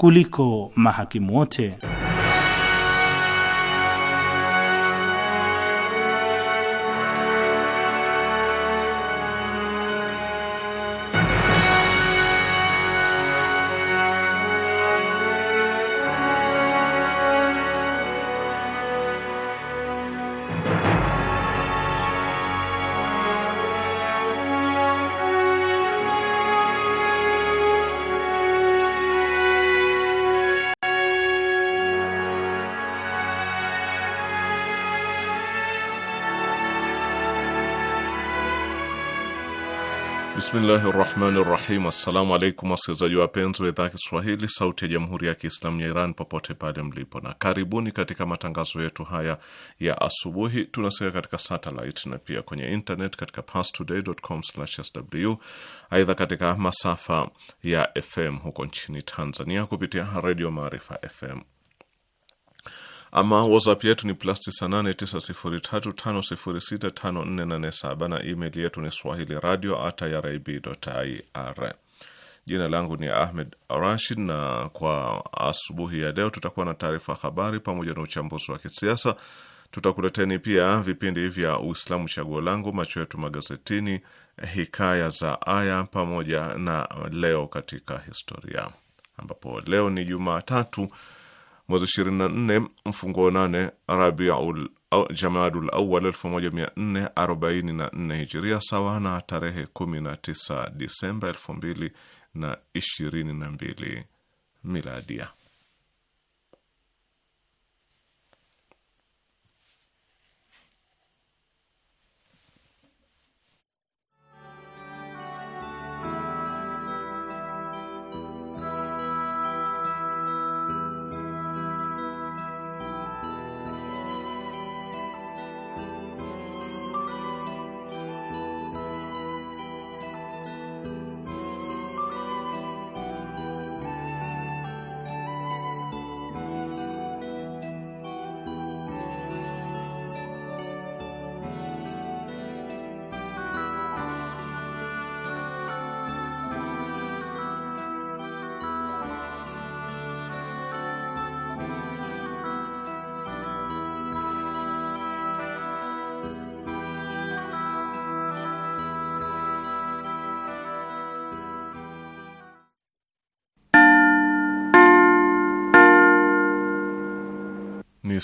kuliko mahakimu wote. Bismillahi rahmani rahim. Assalamu alaikum wasikilizaji wapenzi wa idhaa ya Kiswahili sauti ya jamhuri ya Kiislamu ya Iran popote pale mlipo, na karibuni katika matangazo yetu haya ya asubuhi. Tunasikia katika satellite na pia kwenye internet katika pastodaycom sw Aidha, katika masafa ya FM huko nchini Tanzania kupitia redio Maarifa FM. Ama whatsapp yetu ni plus 989035065487 na email yetu ni swahili radio at irib.ir. Jina langu ni Ahmed Rashid, na kwa asubuhi ya leo tutakuwa na taarifa habari pamoja na uchambuzi wa kisiasa. Tutakuleteni pia vipindi vya Uislamu, chaguo langu, macho yetu magazetini, hikaya za aya, pamoja na leo katika historia, ambapo leo ni Jumatatu mwezi 24 mfungo 8 Rabiul Jamadul Awal 1444 Hijiria, sawa na tarehe 19 Disemba 2022 Miladia.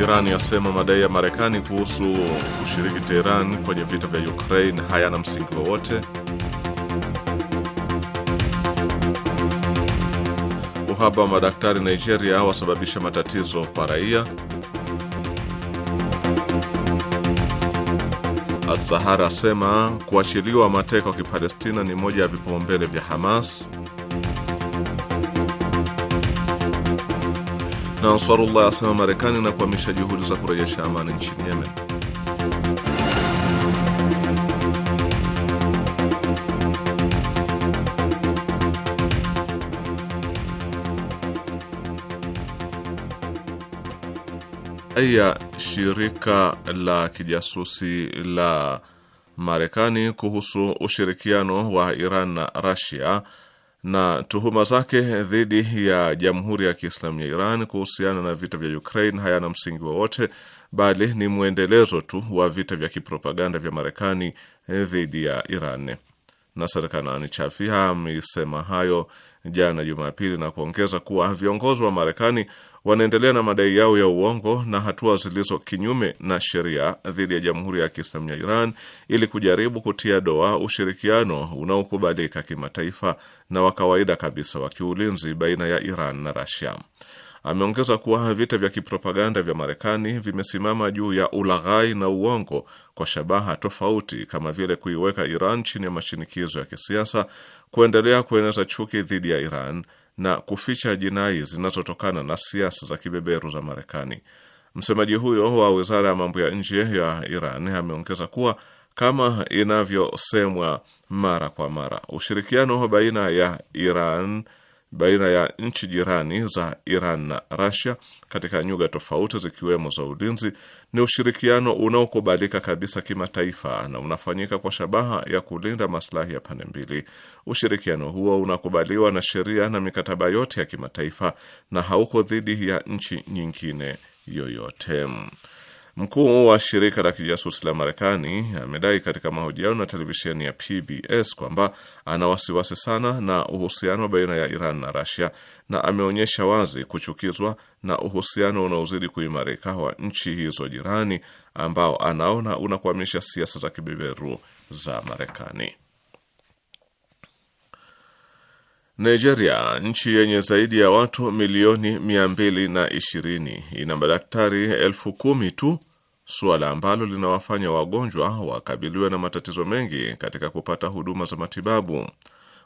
Iran yasema madai ya Marekani kuhusu kushiriki Teheran kwenye vita vya Ukraine hayana msingi wowote. Uhaba wa madaktari Nigeria wasababisha matatizo kwa raia. Azahara asema kuachiliwa mateka wa Kipalestina ni moja ya vipaumbele vya Hamas. na Ansarullah asema Marekani na kuhamisha juhudi za kurejesha amani nchini Yemen. ya shirika la kijasusi la Marekani kuhusu ushirikiano wa Iran na Russia na tuhuma zake dhidi ya Jamhuri ya Kiislamu ya Iran kuhusiana na vita vya Ukraine hayana msingi wowote, bali ni mwendelezo tu wa vita vya kipropaganda vya Marekani eh, dhidi ya Iran. Nasser Kanani Chafia amesema hayo jana Jumapili na kuongeza kuwa viongozi wa Marekani wanaendelea na madai yao ya uongo na hatua zilizo kinyume na sheria dhidi ya Jamhuri ya Kiislamu ya Iran ili kujaribu kutia doa ushirikiano unaokubalika kimataifa na wa kawaida kabisa wa kiulinzi baina ya Iran na Rasia. Ameongeza kuwa vita vya kipropaganda vya Marekani vimesimama juu ya ulaghai na uongo kwa shabaha tofauti, kama vile kuiweka Iran chini ya mashinikizo ya kisiasa, kuendelea kueneza chuki dhidi ya Iran na kuficha jinai zinazotokana na siasa za kibeberu za Marekani. Msemaji huyo wa wizara ya mambo ya nje ya Iran ameongeza kuwa kama inavyosemwa mara kwa mara, ushirikiano baina ya Iran baina ya nchi jirani za Iran na Russia katika nyuga tofauti zikiwemo za ulinzi ni ushirikiano unaokubalika kabisa kimataifa na unafanyika kwa shabaha ya kulinda maslahi ya pande mbili. Ushirikiano huo unakubaliwa na sheria na mikataba yote ya kimataifa na hauko dhidi ya nchi nyingine yoyote. Mkuu wa shirika la kijasusi la Marekani amedai katika mahojiano na televisheni ya PBS kwamba ana wasiwasi sana na uhusiano baina ya Iran na Russia na ameonyesha wazi kuchukizwa na uhusiano unaozidi kuimarika wa nchi hizo jirani ambao anaona unakwamisha siasa za kibeberu za Marekani. Nigeria, nchi yenye zaidi ya watu milioni mia mbili na ishirini, ina madaktari elfu kumi tu, suala ambalo linawafanya wagonjwa wakabiliwe na matatizo mengi katika kupata huduma za matibabu.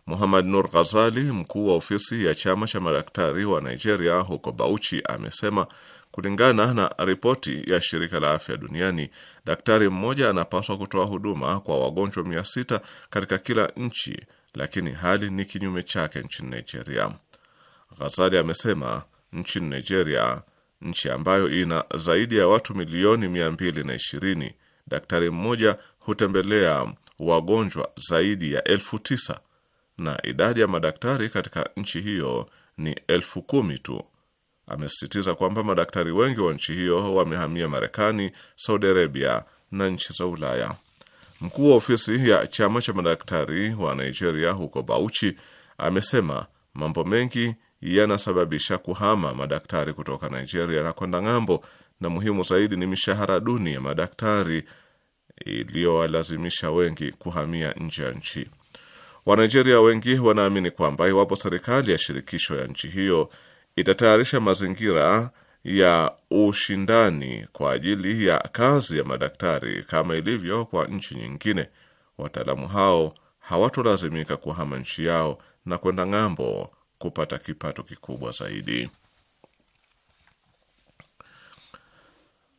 Muhammad Nur Ghazali, mkuu wa ofisi ya chama cha madaktari wa Nigeria huko Bauchi, amesema kulingana na ripoti ya shirika la afya duniani, daktari mmoja anapaswa kutoa huduma kwa wagonjwa mia sita katika kila nchi lakini hali ni kinyume chake nchini Nigeria. Ghazali amesema nchini Nigeria, nchi ambayo ina zaidi ya watu milioni mia mbili na ishirini, daktari mmoja hutembelea wagonjwa zaidi ya elfu tisa na idadi ya madaktari katika nchi hiyo ni elfu kumi tu. Amesisitiza kwamba madaktari wengi wa nchi hiyo wamehamia Marekani, Saudi Arabia na nchi za Ulaya. Mkuu wa ofisi ya chama cha madaktari wa Nigeria huko Bauchi amesema mambo mengi yanasababisha kuhama madaktari kutoka Nigeria na kwenda ng'ambo, na muhimu zaidi ni mishahara duni ya madaktari iliyowalazimisha wengi kuhamia nje ya nchi. Wanigeria wengi wanaamini kwamba iwapo serikali ya shirikisho ya nchi hiyo itatayarisha mazingira ya ushindani kwa ajili ya kazi ya madaktari kama ilivyo kwa nchi nyingine, wataalamu hao hawatolazimika kuhama nchi yao na kwenda ng'ambo kupata kipato kikubwa zaidi.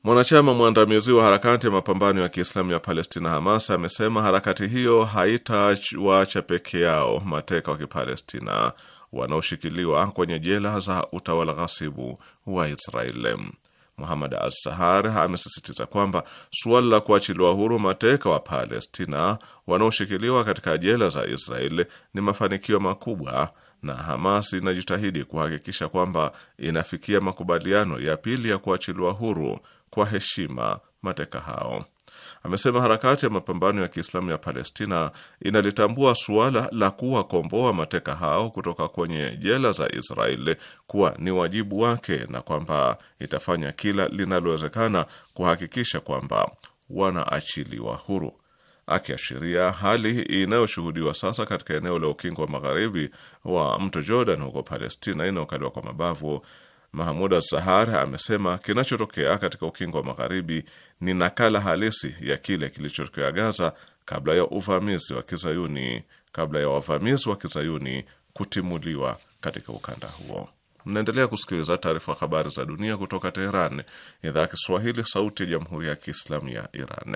Mwanachama mwandamizi wa harakati ya mapambano ya Kiislamu ya Palestina, Hamas, amesema harakati hiyo haitawaacha peke yao mateka wa Kipalestina wanaoshikiliwa kwenye jela za utawala ghasibu wa Israeli. Muhamad Assahar amesisitiza kwamba suala la kuachiliwa huru mateka wa Palestina wanaoshikiliwa katika jela za Israeli ni mafanikio makubwa na Hamas inajitahidi kuhakikisha kwamba inafikia makubaliano ya pili ya kuachiliwa huru kwa heshima mateka hao amesema harakati ya mapambano ya Kiislamu ya Palestina inalitambua suala la kuwakomboa mateka hao kutoka kwenye jela za Israeli kuwa ni wajibu wake na kwamba itafanya kila linalowezekana kuhakikisha kwamba wanaachiliwa huru, akiashiria hali inayoshuhudiwa sasa katika eneo la ukingo wa magharibi wa mto Jordan huko Palestina inayokaliwa kwa mabavu. Mahmud Azahar amesema kinachotokea katika ukingo wa magharibi ni nakala halisi ya kile kilichotokea Gaza kabla ya uvamizi wa Kizayuni, kabla ya wavamizi wa Kizayuni kutimuliwa katika ukanda huo. Mnaendelea kusikiliza taarifa habari za dunia kutoka Teheran, idhaa ya Kiswahili, sauti ya jamhuri ya kiislamu ya Iran.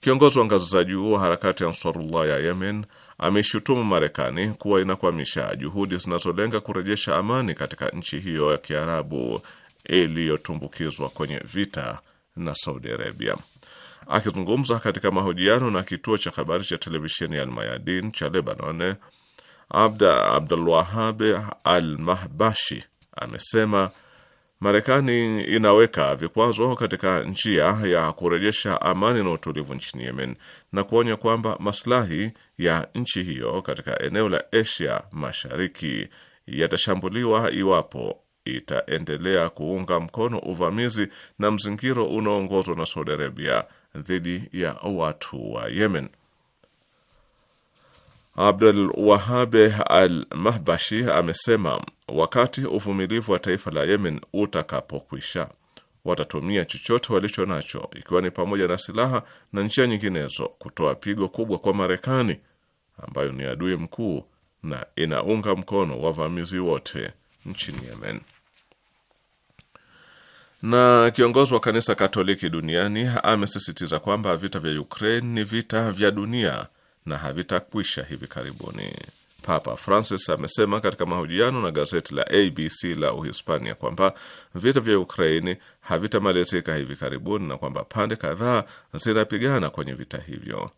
Kiongozi wa ngazi za juu wa harakati ya Ansarullah ya Yemen ameishutumu Marekani kuwa inakwamisha juhudi zinazolenga kurejesha amani katika nchi hiyo ya kiarabu iliyotumbukizwa kwenye vita na Saudi Arabia. Akizungumza katika mahojiano na kituo cha habari cha televisheni ya Almayadin cha Lebanon, Abda Abdulwahab Al Mahbashi amesema Marekani inaweka vikwazo katika njia ya kurejesha amani na utulivu nchini Yemen na kuonya kwamba maslahi ya nchi hiyo katika eneo la Asia Mashariki yatashambuliwa iwapo itaendelea kuunga mkono uvamizi na mzingiro unaoongozwa na Saudi Arabia dhidi ya watu wa Yemen. Abdul Wahabe Al-Mahbashi amesema wakati uvumilivu wa taifa la Yemen utakapokwisha, watatumia chochote walicho nacho, ikiwa ni pamoja na silaha na njia nyinginezo, kutoa pigo kubwa kwa Marekani ambayo ni adui mkuu na inaunga mkono wavamizi wote nchini Yemen. Na kiongozi wa kanisa Katoliki duniani amesisitiza kwamba vita vya Ukraine ni vita vya dunia na havitakwisha hivi karibuni. Papa Francis amesema katika mahojiano na gazeti la ABC la Uhispania kwamba vita vya Ukraini havitamalizika hivi karibuni na kwamba pande kadhaa zinapigana kwenye vita hivyo.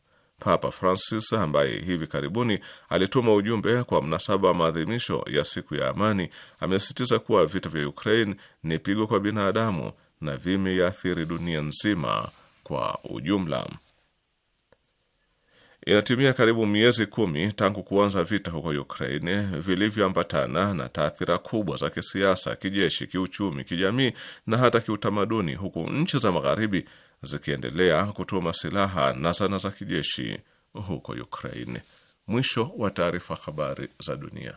Papa Francis ambaye hivi karibuni alituma ujumbe kwa mnasaba wa maadhimisho ya siku ya amani, amesisitiza kuwa vita vya Ukraine ni pigo kwa binadamu na vimeathiri dunia nzima kwa ujumla. Inatimia karibu miezi kumi tangu kuanza vita huko Ukraine vilivyoambatana na taathira kubwa za kisiasa, kijeshi, kiuchumi, kijamii na hata kiutamaduni, huku nchi za Magharibi zikiendelea kutuma silaha na zana za kijeshi huko Ukraine. Mwisho wa taarifa. Habari za dunia.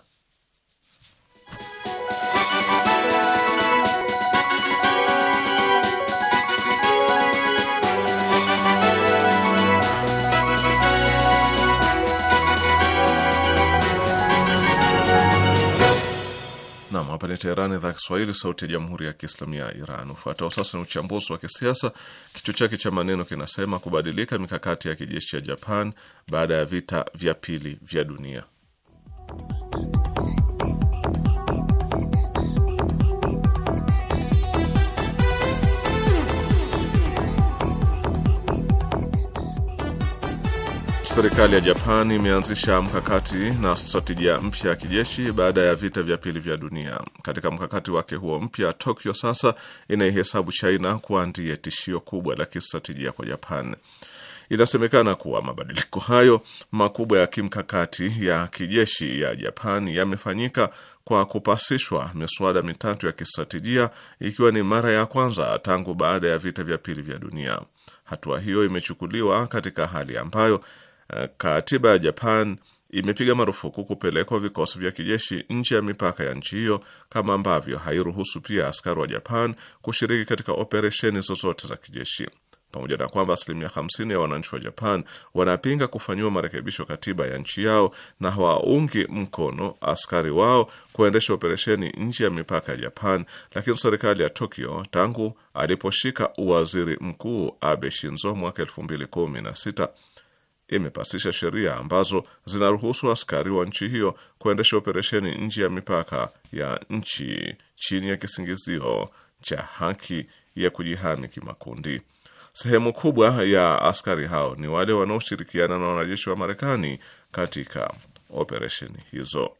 hapa Teherani, idhaa Kiswahili, sauti ya jamhuri ya kiislamu ya Iran. Ufuatao sasa ni uchambuzi wa kisiasa, kichwa chake cha maneno kinasema kubadilika mikakati ya kijeshi ya Japan baada ya vita vya pili vya dunia. Serikali ya Japan imeanzisha mkakati na strategia mpya ya kijeshi baada ya vita vya pili vya dunia. Katika mkakati wake huo mpya, Tokyo sasa inaihesabu China kuwa ndiye tishio kubwa la kistratejia kwa Japan. Inasemekana kuwa mabadiliko hayo makubwa ya kimkakati ya kijeshi ya Japan yamefanyika kwa kupasishwa miswada mitatu ya kistratejia, ikiwa ni mara ya kwanza tangu baada ya vita vya pili vya dunia. Hatua hiyo imechukuliwa katika hali ambayo Eh, katiba ya Japan imepiga marufuku kupelekwa vikosi vya kijeshi nje ya mipaka ya nchi hiyo, kama ambavyo hairuhusu pia askari wa Japan kushiriki katika operesheni zozote za kijeshi, pamoja na kwamba asilimia 50 ya wananchi wa Japan wanapinga kufanyiwa marekebisho katiba ya nchi yao na hawaungi mkono askari wao kuendesha operesheni nje ya mipaka ya Japan. Lakini serikali ya Tokyo tangu aliposhika uwaziri mkuu Abe Shinzo mwaka 2016 imepasisha sheria ambazo zinaruhusu askari wa nchi hiyo kuendesha operesheni nje ya mipaka ya nchi chini ya kisingizio cha haki ya kujihami kimakundi. Sehemu kubwa ya askari hao ni wale wanaoshirikiana na wanajeshi wa Marekani katika operesheni hizo.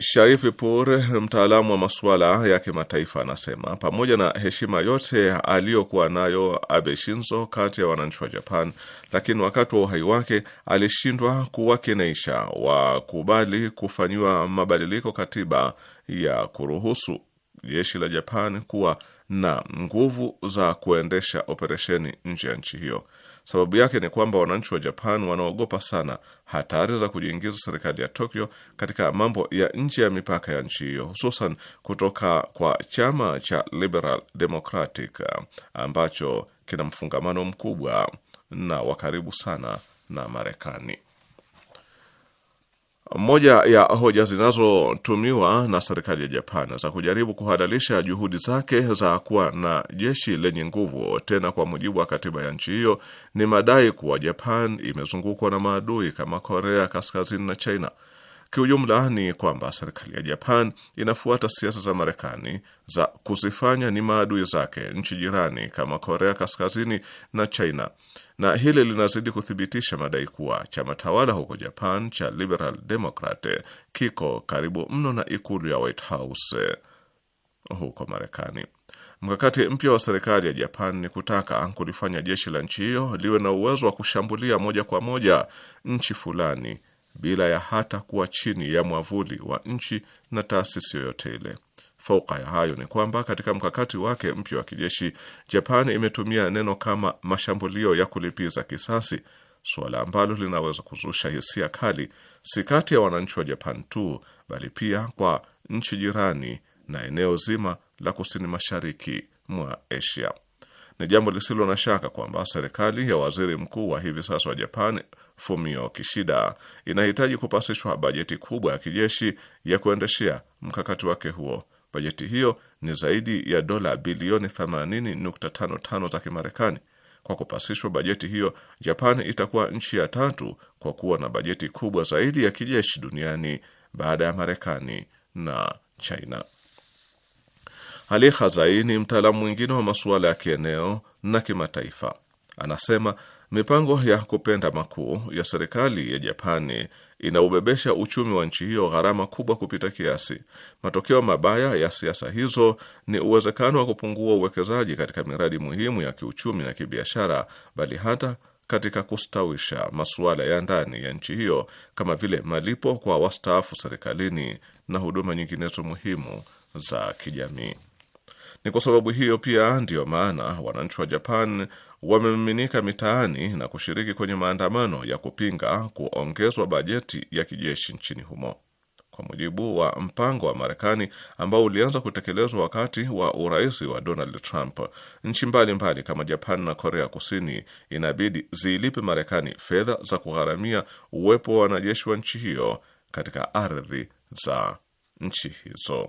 Sharif Pur, mtaalamu wa masuala ya kimataifa, anasema pamoja na heshima yote aliyokuwa nayo Abe Shinzo kati ya wananchi wa Japan, lakini wakati wa uhai wake alishindwa wa wakubali kufanyiwa mabadiliko katiba ya kuruhusu jeshi la Japan kuwa na nguvu za kuendesha operesheni nje ya nchi hiyo. Sababu yake ni kwamba wananchi wa Japan wanaogopa sana hatari za kujiingiza serikali ya Tokyo katika mambo ya nje ya mipaka ya nchi hiyo, hususan kutoka kwa chama cha Liberal Democratic ambacho kina mfungamano mkubwa na wa karibu sana na Marekani. Moja ya hoja zinazotumiwa na serikali ya Japan za kujaribu kuhalalisha juhudi zake za kuwa na jeshi lenye nguvu tena kwa mujibu wa katiba ya nchi hiyo ni madai kuwa Japan imezungukwa na maadui kama Korea Kaskazini na China. Kiujumla ni kwamba serikali ya Japan inafuata siasa za Marekani za kuzifanya ni maadui zake nchi jirani kama Korea Kaskazini na China na hili linazidi kuthibitisha madai kuwa chama tawala huko Japan cha Liberal Democrat kiko karibu mno na ikulu ya White House huko Marekani. Mkakati mpya wa serikali ya Japan ni kutaka kulifanya jeshi la nchi hiyo liwe na uwezo wa kushambulia moja kwa moja nchi fulani bila ya hata kuwa chini ya mwavuli wa nchi na taasisi yoyote ile. Fauka ya hayo ni kwamba katika mkakati wake mpya wa kijeshi, Japan imetumia neno kama mashambulio ya kulipiza kisasi, suala ambalo linaweza kuzusha hisia kali, si kati ya wananchi wa Japan tu, bali pia kwa nchi jirani na eneo zima la kusini mashariki mwa Asia. Ni jambo lisilo na shaka kwamba serikali ya waziri mkuu wa hivi sasa wa Japan Fumio Kishida inahitaji kupasishwa bajeti kubwa ya kijeshi ya kuendeshea mkakati wake huo Bajeti hiyo ni zaidi ya dola bilioni 80.55 za Kimarekani. Kwa kupasishwa bajeti hiyo, Japan itakuwa nchi ya tatu kwa kuwa na bajeti kubwa zaidi ya kijeshi duniani baada ya Marekani na China. Ali Khazai ni mtaalamu mwingine wa masuala ya kieneo na kimataifa. Anasema mipango ya kupenda makuu ya serikali ya Japani inaubebesha uchumi wa nchi hiyo gharama kubwa kupita kiasi. Matokeo mabaya ya siasa hizo ni uwezekano wa kupungua uwekezaji katika miradi muhimu ya kiuchumi na kibiashara, bali hata katika kustawisha masuala ya ndani ya nchi hiyo kama vile malipo kwa wastaafu serikalini na huduma nyinginezo muhimu za kijamii. Ni kwa sababu hiyo pia ndiyo maana wananchi wa Japan wamemiminika mitaani na kushiriki kwenye maandamano ya kupinga kuongezwa bajeti ya kijeshi nchini humo. Kwa mujibu wa mpango wa Marekani ambao ulianza kutekelezwa wakati wa urais wa Donald Trump, nchi mbalimbali kama Japan na Korea Kusini inabidi ziilipe Marekani fedha za kugharamia uwepo wa wanajeshi wa nchi hiyo katika ardhi za nchi hizo.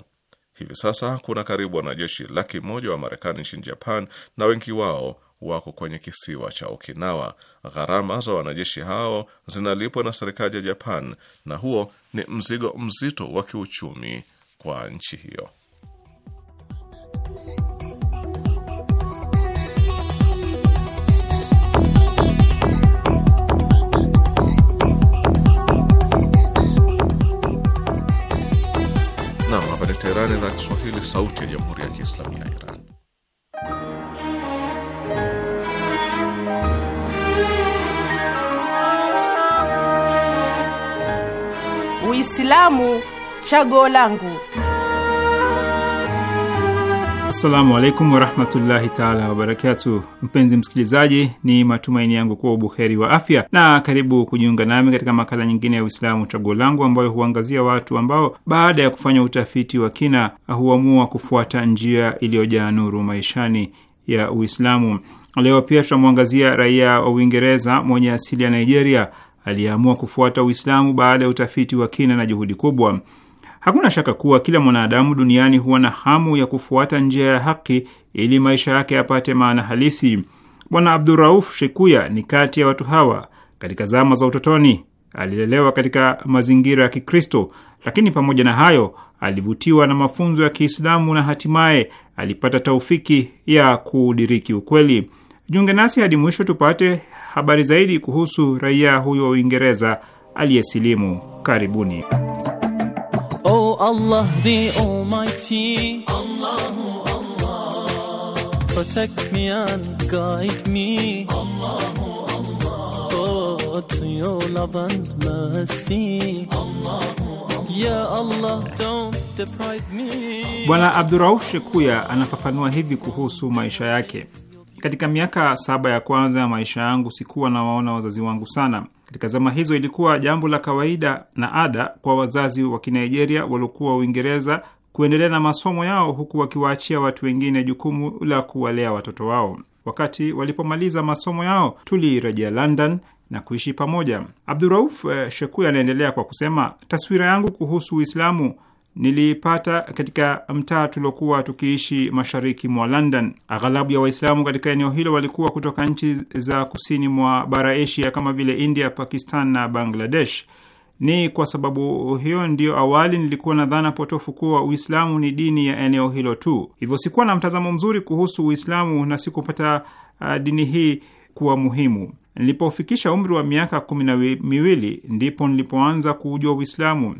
Hivi sasa kuna karibu wanajeshi laki moja wa Marekani nchini Japan na wengi wao wako kwenye kisiwa cha Okinawa. Gharama za wanajeshi hao zinalipwa na serikali ya Japan, na huo ni mzigo mzito wa kiuchumi kwa nchi hiyo. Nam, hapa ni Teherani, idhaa ya Kiswahili, sauti ya jamhuri ya kiislamu ya Iran. Uislamu chaguo langu. Assalamu alaikum warahmatullahi taala wabarakatu. Mpenzi msikilizaji, ni matumaini yangu kuwa ubuheri wa afya na karibu kujiunga nami katika makala nyingine ya Uislamu chaguo langu, ambayo huangazia watu ambao baada ya kufanya utafiti wa kina huamua kufuata njia iliyojaa nuru maishani ya Uislamu. Leo pia tunamwangazia raia wa Uingereza mwenye asili ya Nigeria aliyeamua kufuata Uislamu baada ya utafiti wa kina na juhudi kubwa. Hakuna shaka kuwa kila mwanadamu duniani huwa na hamu ya kufuata njia ya haki ili maisha yake yapate maana halisi. Bwana Abdurauf Shekuya ni kati ya watu hawa. Katika zama za utotoni alilelewa katika mazingira ya Kikristo, lakini pamoja na hayo alivutiwa na mafunzo ya Kiislamu na hatimaye alipata taufiki ya kudiriki ukweli. Jiunge nasi hadi mwisho tupate habari zaidi kuhusu raia huyo wa Uingereza aliyesilimu. Karibuni. Oh Allah, the Almighty, Allahu Allah, protect me and guide me, Allahu Allah, oh, to your love and mercy, Allahu Ya Allah, don't deprive me. Bwana Abdurauf Shekuya anafafanua hivi kuhusu maisha yake. Katika miaka saba ya kwanza ya maisha yangu sikuwa nawaona wazazi wangu sana. Katika zama hizo ilikuwa jambo la kawaida na ada kwa wazazi wa Kinigeria waliokuwa Uingereza kuendelea na masomo yao huku wakiwaachia watu wengine jukumu la kuwalea watoto wao. Wakati walipomaliza masomo yao, tulirejea London na kuishi pamoja. Abdurauf eh, Shekui anaendelea kwa kusema, taswira yangu kuhusu Uislamu niliipata katika mtaa tuliokuwa tukiishi mashariki mwa London. Aghalabu ya Waislamu katika eneo hilo walikuwa kutoka nchi za kusini mwa bara Asia kama vile India, Pakistan na Bangladesh. Ni kwa sababu hiyo ndiyo awali nilikuwa na dhana potofu kuwa Uislamu ni dini ya eneo hilo tu, hivyo sikuwa na mtazamo mzuri kuhusu Uislamu na sikupata uh, dini hii kuwa muhimu. Nilipofikisha umri wa miaka kumi na miwili ndipo nilipoanza kuujua Uislamu.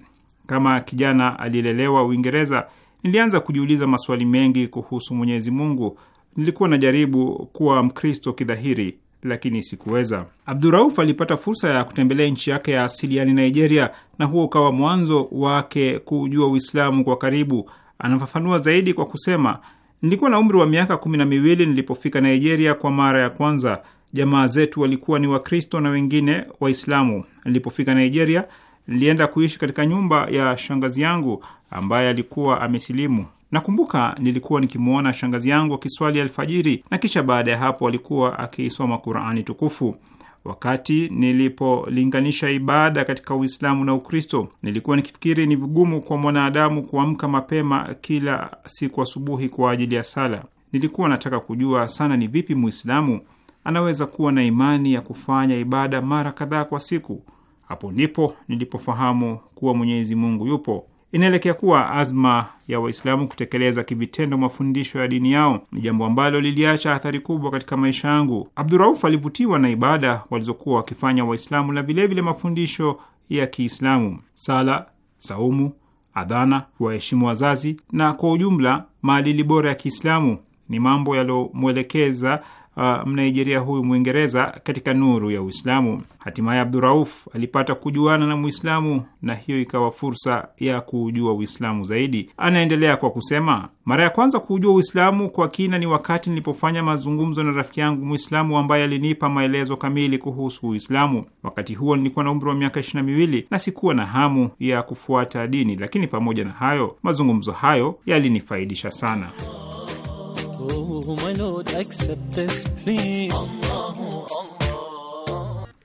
Kama kijana aliyelelewa Uingereza, nilianza kujiuliza maswali mengi kuhusu Mwenyezi Mungu. Nilikuwa najaribu kuwa Mkristo kidhahiri, lakini sikuweza. Abdurauf alipata fursa ya kutembelea nchi yake ya asili, yani Nigeria, na huo ukawa mwanzo wake kujua Uislamu kwa karibu. Anafafanua zaidi kwa kusema, nilikuwa na umri wa miaka kumi na miwili nilipofika Nigeria kwa mara ya kwanza. Jamaa zetu walikuwa ni Wakristo na wengine Waislamu. Nilipofika Nigeria nilienda kuishi katika nyumba ya shangazi yangu ambaye alikuwa amesilimu. Nakumbuka nilikuwa nikimwona shangazi yangu akiswali alfajiri na kisha baada ya hapo alikuwa akiisoma Qurani tukufu. Wakati nilipolinganisha ibada katika Uislamu na Ukristo, nilikuwa nikifikiri ni vigumu kwa mwanadamu kuamka mapema kila siku asubuhi kwa ajili ya sala. Nilikuwa nataka kujua sana ni vipi Muislamu anaweza kuwa na imani ya kufanya ibada mara kadhaa kwa siku hapo ndipo nilipofahamu kuwa Mwenyezi Mungu yupo. Inaelekea kuwa azma ya Waislamu kutekeleza kivitendo mafundisho ya dini yao ni jambo ambalo liliacha athari kubwa katika maisha yangu. Abdurauf alivutiwa na ibada walizokuwa wakifanya Waislamu na vilevile mafundisho ya Kiislamu, sala, saumu, adhana, kuwaheshimu wazazi na kwa ujumla maadili bora ya Kiislamu ni mambo yaliyomwelekeza uh, Mnaijeria huyu Mwingereza katika nuru ya Uislamu. Hatimaye Abdurauf alipata kujuana na mwislamu na hiyo ikawa fursa ya kuujua Uislamu zaidi. Anaendelea kwa kusema, mara ya kwanza kuujua Uislamu kwa kina ni wakati nilipofanya mazungumzo na rafiki yangu mwislamu ambaye alinipa maelezo kamili kuhusu Uislamu. Wakati huo nilikuwa na umri wa miaka ishirini na miwili na sikuwa na hamu ya kufuata dini, lakini pamoja na hayo mazungumzo hayo yalinifaidisha sana.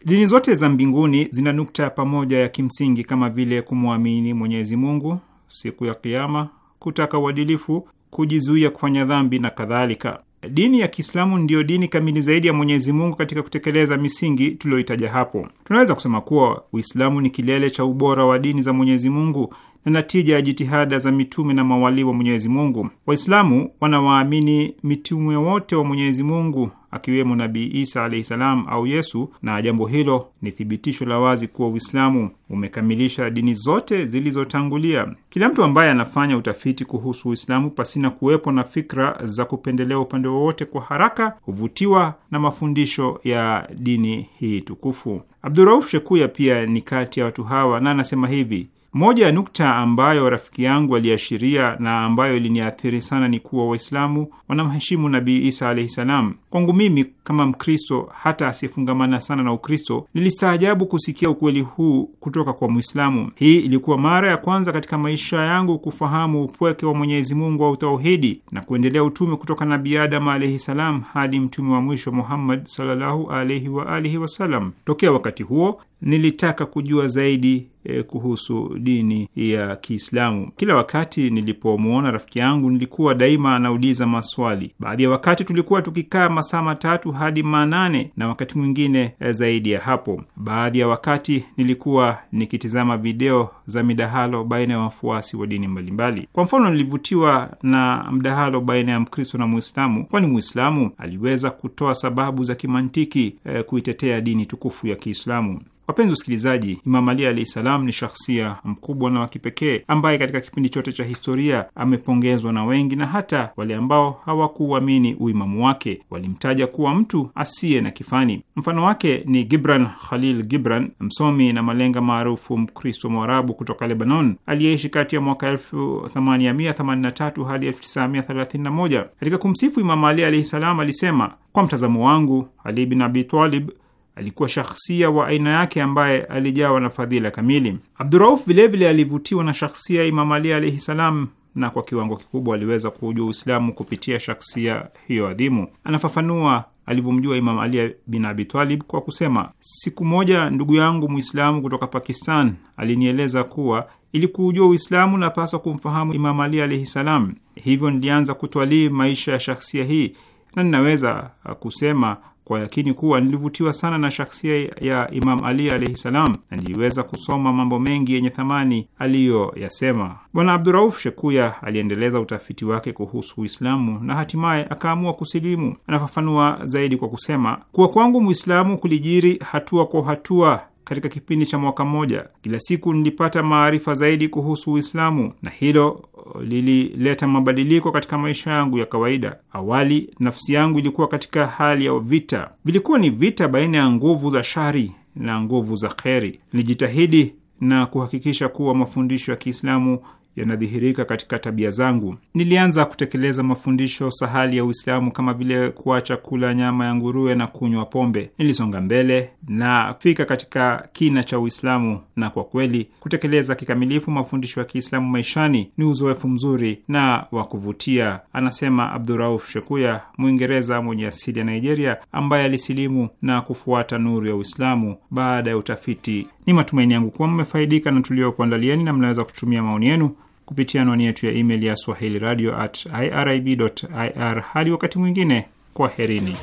Dini zote za mbinguni zina nukta ya pamoja ya kimsingi kama vile kumwamini Mwenyezi Mungu, siku ya Kiama, kutaka uadilifu, kujizuia kufanya dhambi na kadhalika. Dini ya Kiislamu ndiyo dini kamili zaidi ya Mwenyezi Mungu katika kutekeleza misingi tuliyoitaja hapo. Tunaweza kusema kuwa Uislamu ni kilele cha ubora wa dini za Mwenyezi Mungu na natija ya jitihada za mitume na mawali wa Mwenyezi Mungu. Waislamu wanawaamini mitume wote wa Mwenyezi Mungu akiwemo Nabii Isa alahi salam au Yesu, na jambo hilo ni thibitisho la wazi kuwa Uislamu umekamilisha dini zote zilizotangulia. Kila mtu ambaye anafanya utafiti kuhusu Uislamu pasina kuwepo na fikra za kupendelea upande wowote, kwa haraka huvutiwa na mafundisho ya dini hii tukufu. Abdurauf Shekuya pia ni kati ya watu hawa, na anasema hivi: moja ya nukta ambayo rafiki yangu aliashiria na ambayo iliniathiri sana ni kuwa Waislamu wanamheshimu Nabii Isa alaihi salam. Kwangu mimi kama Mkristo, hata asiyefungamana sana na Ukristo, nilistaajabu kusikia ukweli huu kutoka kwa Mwislamu. Hii ilikuwa mara ya kwanza katika maisha yangu kufahamu upweke wa Mwenyezi Mungu wa utauhidi na kuendelea utume kutoka Nabii Adamu alaihi salam hadi mtume wa mwisho Muhammad sallallahu alaihi waalihi wasalam. Tokea wakati huo nilitaka kujua zaidi e, kuhusu dini ya Kiislamu. Kila wakati nilipomwona rafiki yangu nilikuwa daima anauliza maswali. Baadhi ya wakati tulikuwa tukikaa masaa matatu hadi manane na wakati mwingine eh, zaidi ya hapo. Baadhi ya wakati nilikuwa nikitizama video za midahalo baina ya wafuasi wa dini mbalimbali. Kwa mfano, nilivutiwa na mdahalo baina ya Mkristo na Mwislamu, kwani Mwislamu aliweza kutoa sababu za kimantiki e, kuitetea dini tukufu ya Kiislamu. Wapenzi wasikilizaji, Imam Ali alahi salam ni shahsia mkubwa na wa kipekee ambaye katika kipindi chote cha historia amepongezwa na wengi, na hata wale ambao hawakuuamini uimamu wake walimtaja kuwa mtu asiye na kifani. Mfano wake ni Gibran Khalil Gibran, msomi na malenga maarufu Mkristo Mwarabu kutoka Lebanon aliyeishi kati ya mwaka 1883 hadi 1931. Katika kumsifu Imam Ali alahi salam alisema, kwa mtazamo wangu, Ali bin Abi Talib alikuwa shakhsia wa aina yake ambaye alijawa na fadhila kamili. Abdurauf vilevile alivutiwa na shakhsia Imam Ali alaihi salam na kwa kiwango kikubwa aliweza kuujua Uislamu kupitia shakhsia hiyo adhimu. Anafafanua alivyomjua Imam Ali bin Abi Talib kwa kusema, siku moja ndugu yangu Muislamu kutoka Pakistan alinieleza kuwa ili kuujua Uislamu napaswa kumfahamu Imam Ali alaihi salam. Hivyo nilianza kutwalii maisha ya shahsia hii na ninaweza kusema kwa yakini kuwa nilivutiwa sana na shakhsia ya Imam Ali alaihi salam na niliweza kusoma mambo mengi yenye thamani aliyoyasema. Bwana Abdurauf Shekuya aliendeleza utafiti wake kuhusu Uislamu na hatimaye akaamua kusilimu. Anafafanua zaidi kwa kusema kuwa, kwangu Mwislamu kulijiri hatua kwa hatua katika kipindi cha mwaka mmoja. Kila siku nilipata maarifa zaidi kuhusu Uislamu na hilo uh, lilileta mabadiliko katika maisha yangu ya kawaida. Awali nafsi yangu ilikuwa katika hali ya vita, vilikuwa ni vita baina ya nguvu za shari na nguvu za kheri. Nilijitahidi na kuhakikisha kuwa mafundisho ya Kiislamu yanadhihirika katika tabia zangu. Nilianza kutekeleza mafundisho sahali ya Uislamu kama vile kuacha kula nyama ya nguruwe na kunywa pombe. Nilisonga mbele na kufika katika kina cha Uislamu, na kwa kweli kutekeleza kikamilifu mafundisho ya Kiislamu maishani ni uzoefu mzuri na wa kuvutia, anasema Abdurauf Shekuya, Mwingereza mwenye asili ya Nigeria ambaye alisilimu na kufuata nuru ya Uislamu baada ya utafiti. Ni matumaini yangu kuwa mmefaidika na tuliokuandalieni na mnaweza kutumia maoni yenu kupitia anwani yetu ya email ya swahili radio at irib ir. Hadi wakati mwingine, kwaherini.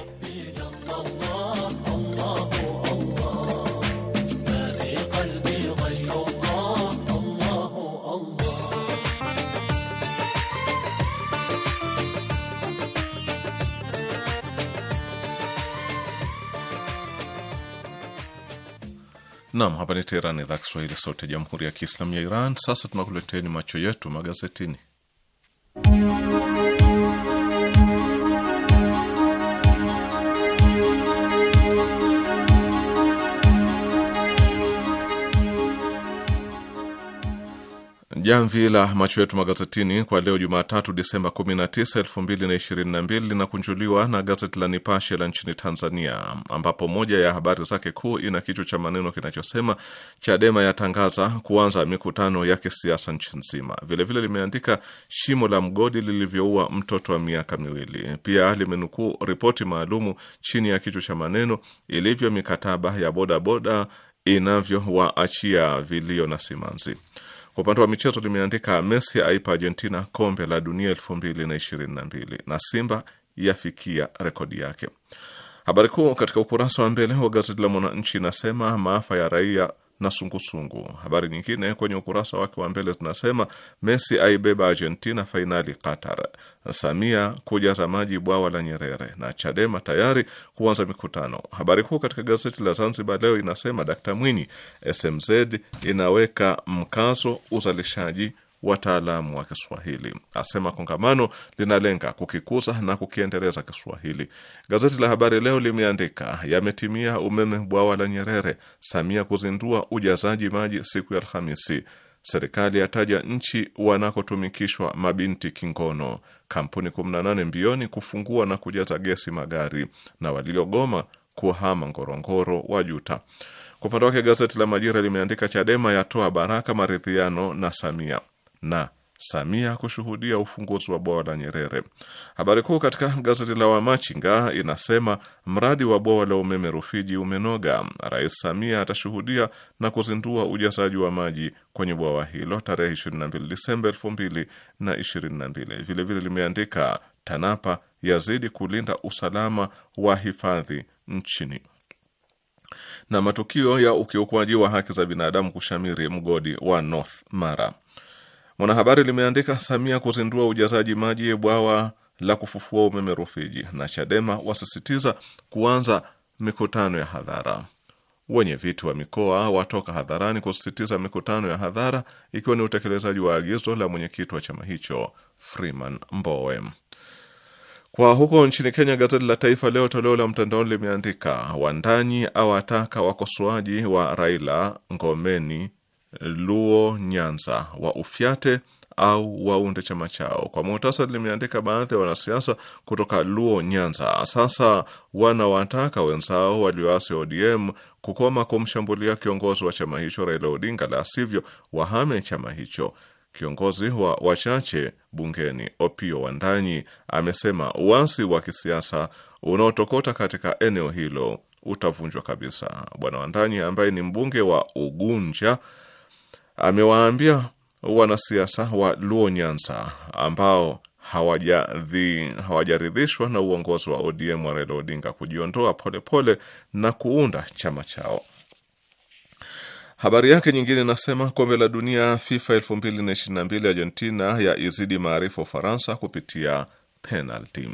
Nam, hapa ni Teheran, idhaa Kiswahili, sauti ya jamhuri ya kiislamu ya Iran. Sasa tunakuleteni macho yetu magazetini Jamvi la macho yetu magazetini kwa leo Jumatatu, Disemba 19, 2022 linakunjuliwa na gazeti la Nipashe la nchini Tanzania, ambapo moja ya habari zake kuu ina kichwa cha maneno kinachosema Chadema yatangaza kuanza mikutano ya kisiasa nchi nzima. Vilevile limeandika shimo la mgodi lilivyoua mtoto wa miaka miwili. Pia limenukuu ripoti maalumu chini ya kichwa cha maneno ilivyo mikataba ya bodaboda inavyowaachia vilio na simanzi. Kwa upande wa michezo limeandika Messi aipa Argentina kombe la dunia elfu mbili na ishirini na mbili na Simba yafikia rekodi yake. Habari kuu katika ukurasa wa mbele wa gazeti la Mwananchi inasema maafa ya raia na sungusungu Habari nyingine kwenye ukurasa wake wa mbele zinasema Messi aibeba Argentina fainali Qatar, Samia kujaza maji bwawa la Nyerere na Chadema tayari kuanza mikutano. Habari kuu katika gazeti la Zanzibar leo inasema Dkt Mwinyi, SMZ inaweka mkazo uzalishaji wataalamu wa Kiswahili. Asema kongamano linalenga kukikuza na kukiendeleza Kiswahili. Gazeti la Habari Leo limeandika yametimia umeme bwawa la Nyerere, Samia kuzindua ujazaji maji siku ya Alhamisi, serikali yataja nchi wanakotumikishwa mabinti kingono, kampuni 18 mbioni kufungua na kujaza gesi magari, na waliogoma kuhama Ngorongoro wajuta. Kwa upande wake gazeti la Majira limeandika Chadema yatoa baraka maridhiano na Samia, na Samia kushuhudia ufunguzi wa bwawa la Nyerere. Habari kuu katika gazeti la Wamachinga inasema mradi wa bwawa la umeme Rufiji umenoga. Rais Samia atashuhudia na kuzindua ujazaji wa maji kwenye bwawa hilo tarehe 22 Disemba 2022. Vilevile limeandika TANAPA yazidi kulinda usalama wa hifadhi nchini na matukio ya ukiukwaji wa haki za binadamu kushamiri mgodi wa North Mara. Mwanahabari limeandika Samia kuzindua ujazaji maji bwawa la kufufua umeme Rufiji, na Chadema wasisitiza kuanza mikutano ya hadhara. Wenye viti wa mikoa watoka hadharani kusisitiza mikutano ya hadhara ikiwa ni utekelezaji wa agizo la mwenyekiti wa chama hicho Freeman Mbowe. Kwa huko nchini Kenya, gazeti la Taifa Leo toleo la mtandaoni limeandika Wandani awataka wakosoaji wa Raila ngomeni Luo Nyanza wa ufyate au waunde chama chao. Kwa muhtasari, limeandika baadhi ya wanasiasa kutoka Luo Nyanza sasa wanawataka wenzao walioasi ODM kukoma kumshambulia kiongozi wa chama hicho Raila Odinga, la sivyo wahame chama hicho. Kiongozi wa wachache bungeni Opio Wandanyi amesema uasi wa kisiasa unaotokota katika eneo hilo utavunjwa kabisa. Bwana Wandanyi ambaye ni mbunge wa Ugunja amewaambia wanasiasa wa Luo Nyanza ambao hawajaridhishwa na uongozi wa ODM wa Raila Odinga kujiondoa polepole na kuunda chama chao. Habari yake nyingine inasema kombe la dunia FIFA 2022 Argentina ya izidi maarifa Ufaransa kupitia penalti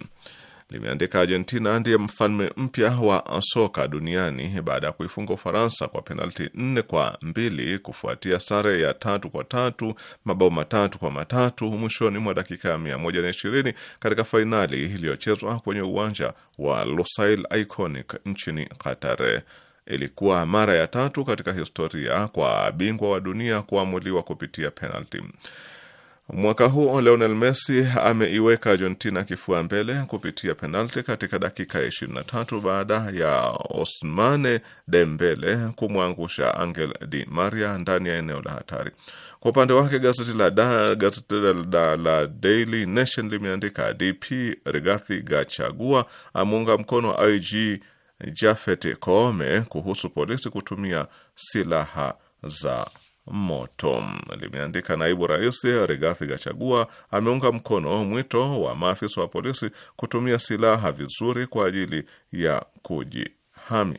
limeandika Argentina ndiye mfalme mpya wa soka duniani baada ya kuifunga Ufaransa kwa penalti nne kwa mbili kufuatia sare ya tatu kwa tatu mabao matatu kwa matatu mwishoni mwa dakika ya ishirini katika fainali iliyochezwa kwenye uwanja wa Lusail Iconic nchini Qatar. Ilikuwa mara ya tatu katika historia kwa bingwa wa dunia kuamuliwa kupitia penalti. Mwaka huu Lionel Messi ameiweka Argentina kifua mbele kupitia penalti katika dakika ya 23 baada ya Osmane Dembele kumwangusha Angel Di Maria ndani ya eneo la hatari. Kwa upande wake gazeti la, da, gazeti la, la Daily Nation limeandika DP Rigathi Gachagua ameunga mkono IG Jafet Koome kuhusu polisi kutumia silaha za moto, limeandika. Naibu Rais Rigathi Gachagua ameunga mkono mwito wa maafisa wa polisi kutumia silaha vizuri kwa ajili ya kujihami.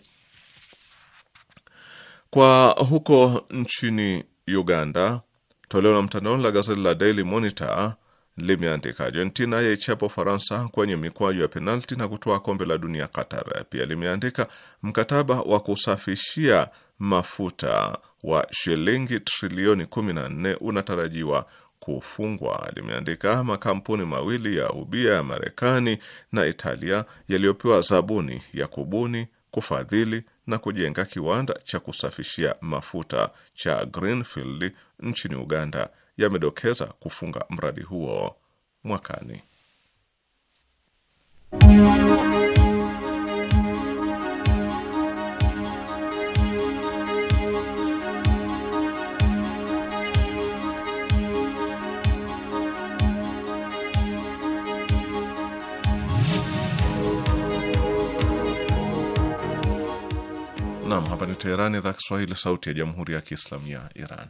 Kwa huko nchini Uganda, toleo la mtandaoni la gazeti la Daily Monitor limeandika Argentina yaichapa Ufaransa kwenye mikwaju ya penalti na kutoa kombe la dunia Qatar. Pia limeandika mkataba wa kusafishia mafuta wa shilingi trilioni 14 unatarajiwa kufungwa, limeandika makampuni mawili ya ubia ya Marekani na Italia yaliyopewa zabuni ya kubuni, kufadhili na kujenga kiwanda cha kusafishia mafuta cha Greenfield nchini Uganda yamedokeza kufunga mradi huo mwakani. Hapa ni Teherani, idhaa Kiswahili, sauti ya jamhuri ya kiislamu ya Iran.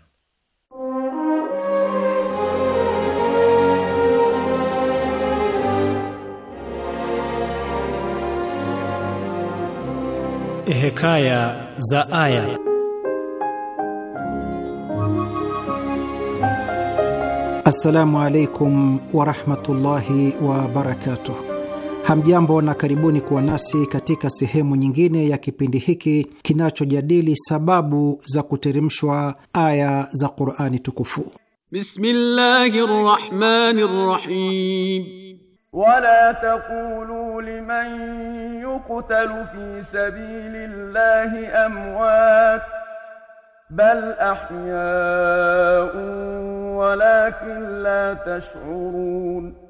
Hekaya za Aya. Assalamu alaikum warahmatullahi wabarakatuh. Hamjambo na karibuni kuwa nasi katika sehemu nyingine ya kipindi hiki kinachojadili sababu za kuteremshwa aya za Qur'ani tukufu. Bismillahir Rahmanir Rahim. Wala taqulu liman yuqtalu fi amwat bal walakin la tash'urun